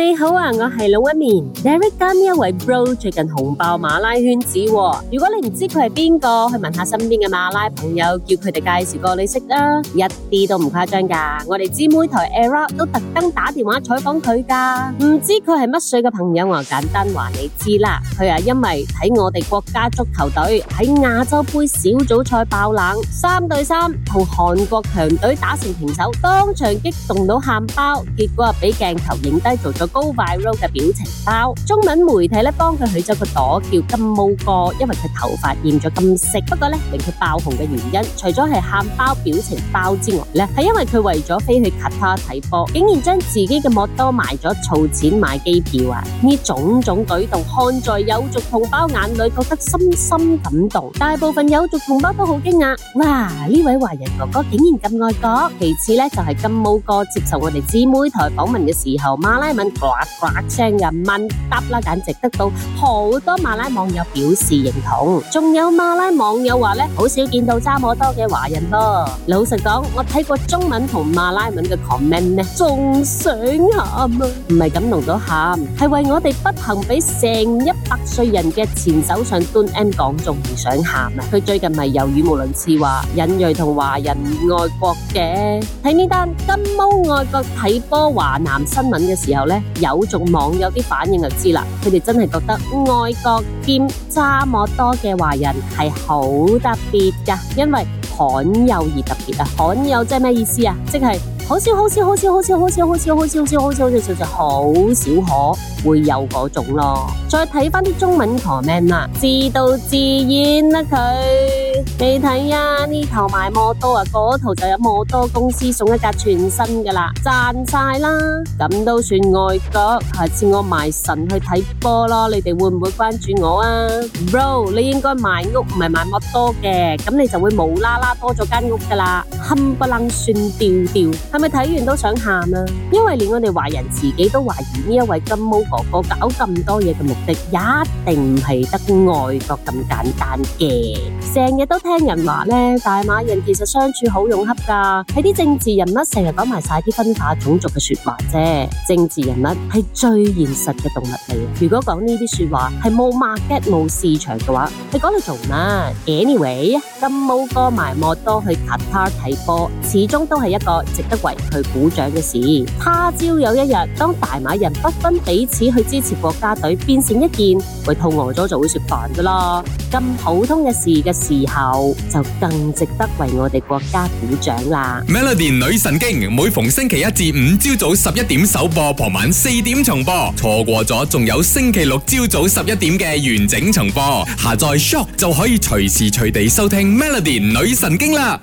你好啊，我係老一面。Eric 加呢一位 bro 最近紅爆馬拉圈子，如果你唔知佢係邊個，去問下身邊嘅馬拉朋友，叫佢哋介紹個你識啦。一啲都唔誇張㗎，我哋姊妹台 Eric 都特登打電話採訪佢㗎。唔知佢係乜水嘅朋友，我就簡單話你知啦。佢係因為睇我哋國家足球隊喺亞洲杯小組賽爆冷，三對三同韓國強隊打成平手，當場激動到喊包，結果啊俾鏡頭影低做咗高 viral 嘅表情包，中文媒體咧幫佢取咗個朵叫金毛哥，因為佢頭髮染咗金色。不過咧令佢爆紅嘅原因，除咗係喊包表情包之外咧，係因為佢為咗飛去卡塔睇波，竟然將自己嘅摩托賣咗儲錢買機票啊！呢種種舉動，看在友族同胞眼裏，覺得深深感動。大部分友族同胞都好驚訝，哇！呢位華人哥哥竟然咁愛國。其次咧就係金毛哥接受我哋姊妹台訪問嘅時候馬來文。呱呱聲人問答啦，簡直得到好多馬拉網友表示認同。仲有馬拉網友話咧，好少見到揸摩刀嘅華人咯。老實講，我睇過中文同馬拉文嘅 comment 咧，仲想喊啊！唔係感動咗喊，係為我哋不幸俾成一百歲人嘅前首相 Donald 講中而想喊啊！佢最近咪又語無倫次話印裔同華人愛國嘅，睇呢單金毛愛國睇波華南新聞嘅時候咧，有族網友啲反應就知啦，佢哋真係覺得外國兼揸摩多嘅華人係好特別噶，因為罕有而特別啊！罕有即係咩意思啊？即係好少好少好少好少好少好少好少好少好少好少好少好少可會有嗰種囉，再睇返啲中文 comment，自導自演你睇啊，呢頭賣摩托啊，嗰頭就有摩托公司送一架全新噶啦，賺晒啦，咁都算愛國。下次我賣神去睇波咯，你哋會唔會關注我啊？Bro，你應該賣屋唔係賣摩托嘅，咁你就會冇啦啦多咗間屋噶啦，冚唪唥算吊吊，係咪睇完都想喊啊？因為連我哋華人自己都懷疑呢一位金毛哥哥搞咁多嘢嘅目的，一定唔係得愛國咁簡單嘅，成日都聽。聽人話呢，大馬人其實相處好融洽噶，係啲政治人物成日講埋晒啲分化種族嘅說話啫。政治人物係最現實嘅動物嚟，如果講呢啲說話係冇 market 冇市場嘅話，你講嚟做乜？Anyway，金毛哥埋莫多去卡塔爾睇波，始終都係一個值得為佢鼓掌嘅事。他朝有一日，當大馬人不分彼此去支持國家隊，變成一件為肚餓咗就會食飯噶啦。咁普通嘅事嘅時候，就更值得為我哋國家鼓掌啦！Melody 女神經每逢星期一至五朝早十一點首播，傍晚四點重播，錯過咗仲有星期六朝早十一點嘅完整重播。下載 SYOK 就可以隨時隨地收聽 Melody 女神經啦！